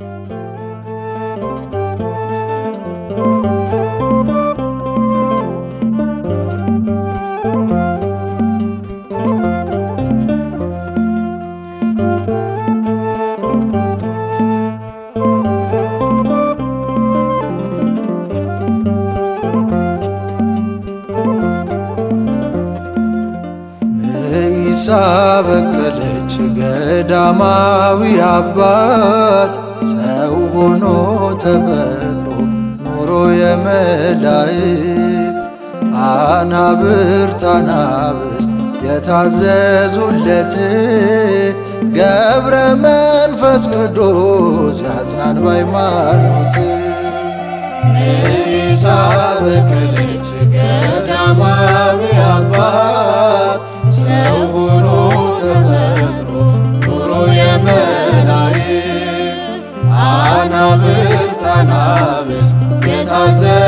Música በቀለች ገዳማዊ አባት ሰው ሆኖ ተፈጥሮ ኑሮ የመላይ አናብርት አናብስት የታዘዙለት ገብረ መንፈስ ቅዱስ ያጽናን ባይማኖት ሳ በቀለች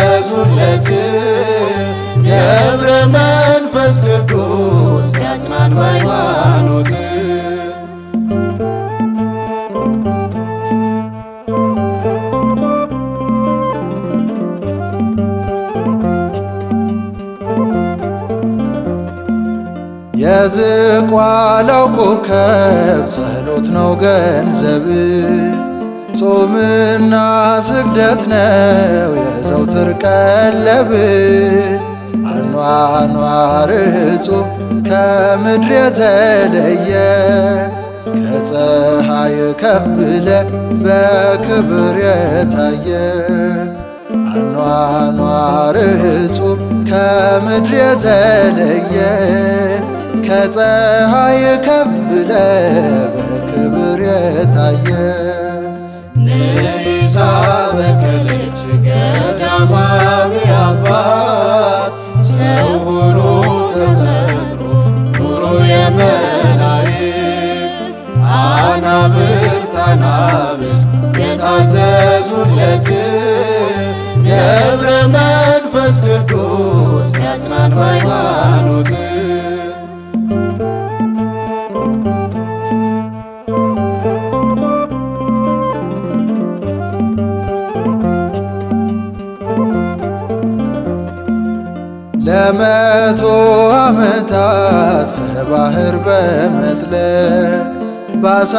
ገዙለት ገብረ መንፈስ ቅዱስ ያጽናን ባይዋኖት የዝቋላው ኮከብ ጸሎት ነው ገንዘብ ጾምና ስግደት ነው የዘውትር ቀለብ አኗኗርህ እጹብ ከምድር የተለየ ከፀሐይ ከፍ ብለ በክብር የታየ አኗኗርህ እጹብ ከምድር የተለየ ከፀሐይ ከፍ ብለ በክብር የታየ ሬሳ ዘከለች ገዳማዊ አባት ሰው ሆኖ ተፈጥሮ ኑሮ የመላእክት አናብርት አናብስት የታዘዙለት ገብረ መንፈስ ቅዱስ ያጽናን ሃይማኖት ለመቶ ዓመታት ከባህር በመጥለቅ ባሳ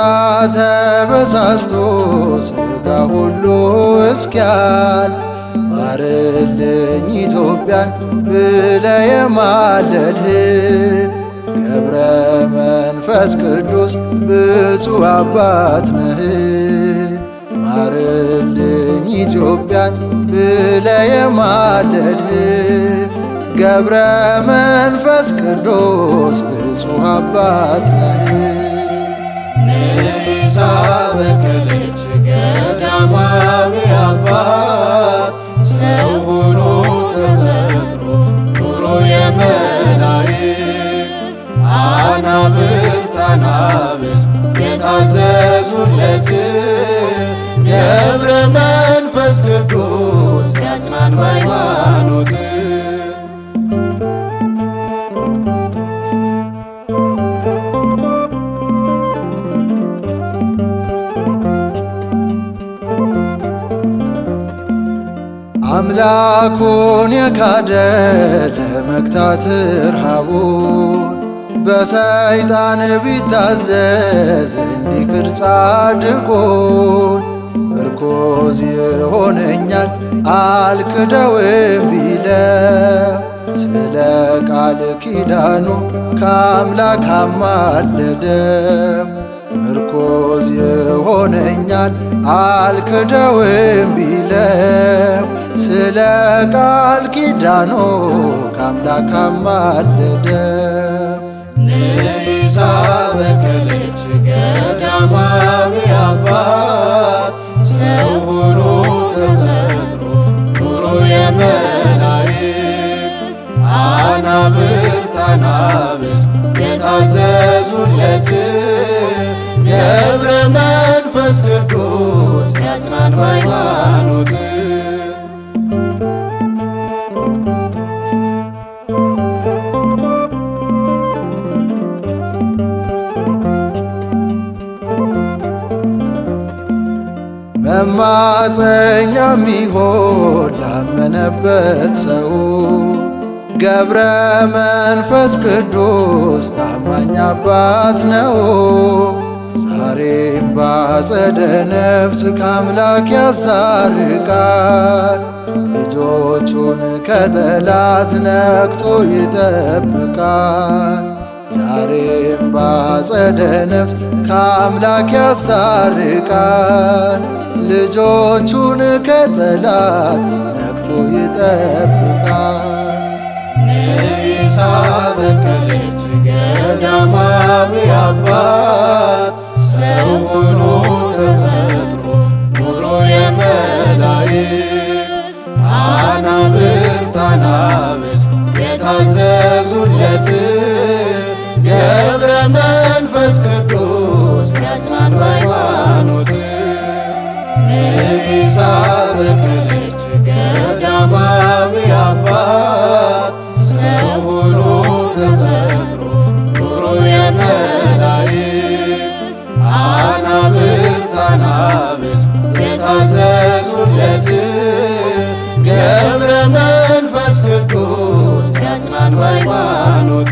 ተበሳስቶ ስጋ ሁሉ እስኪያል ማርልኝ ኢትዮጵያን ብለ የማለድህ ገብረ መንፈስ ቅዱስ ብፁዕ አባት ነህ። ማርልኝ ኢትዮጵያን ብለ የማለድህ ገብረ መንፈስ ቅዱስ ንጹሕ አባት ነሳ በቀለች ገዳማዊ አባት ሰው ሆኖ ተፈጥሮ ኑሮ የመላይ አናብርት አናብስት የታዘዙለት ገብረ መንፈስ ቅዱስ ያጽናን ባይማኖት አምላኩን የካደ ለመግታት ርሃቡን በሰይጣን ቢታዘዝ እንዲክር ጻድቁን ምርኮዝ ይሆነኛል አልክደውም ቢለ ስለ ቃል ኪዳኑ ከአምላክ አማለደ ምርኮዝ ይሆነኛል አልክደውም ቢለ ስለ ቃል ኪዳኖ ከአምላክ አማለደ። ንሳ በቀለች ገዳማዊ አባት ሰው ሆኖ ተፈጥሮ ኑሮ የመላእክት አናብርት አናብስት የታዘዙለት ገብረ መንፈስ ቅዱስ ያጽናን ሃይማኖት መማፀኛ ሚሆን ላመነበት ሰው ገብረ መንፈስ ቅዱስ ታማኝ አባት ነው። ዛሬም ባጸደ ነፍስ ከአምላክ ያስታርቃል። ልጆቹን ከጠላት ነቅቶ ይጠብቃል። ዛሬም ባጸደ ነፍስ ከአምላክ ያስታርቃል። ልጆቹን ከጠላት ነቅቶ ይጠብቃል። ንይሳ በቀለች ገዳማዊ አባት ሰው ሆኖ ተፈጥሮ ኑሮ የመላይ አናብርት አናብስት የታዘዙለት ገብረ መንፈስ ቅዱስ ተዘመነች ገዳማዊ አባት ሰው ሆኖ ተፈጥሮ ኑሮ የመላይ አናብስት አናብስት የታዘዙለት ገብረ መንፈስ ቅዱስ ያጽናን በሃይማኖት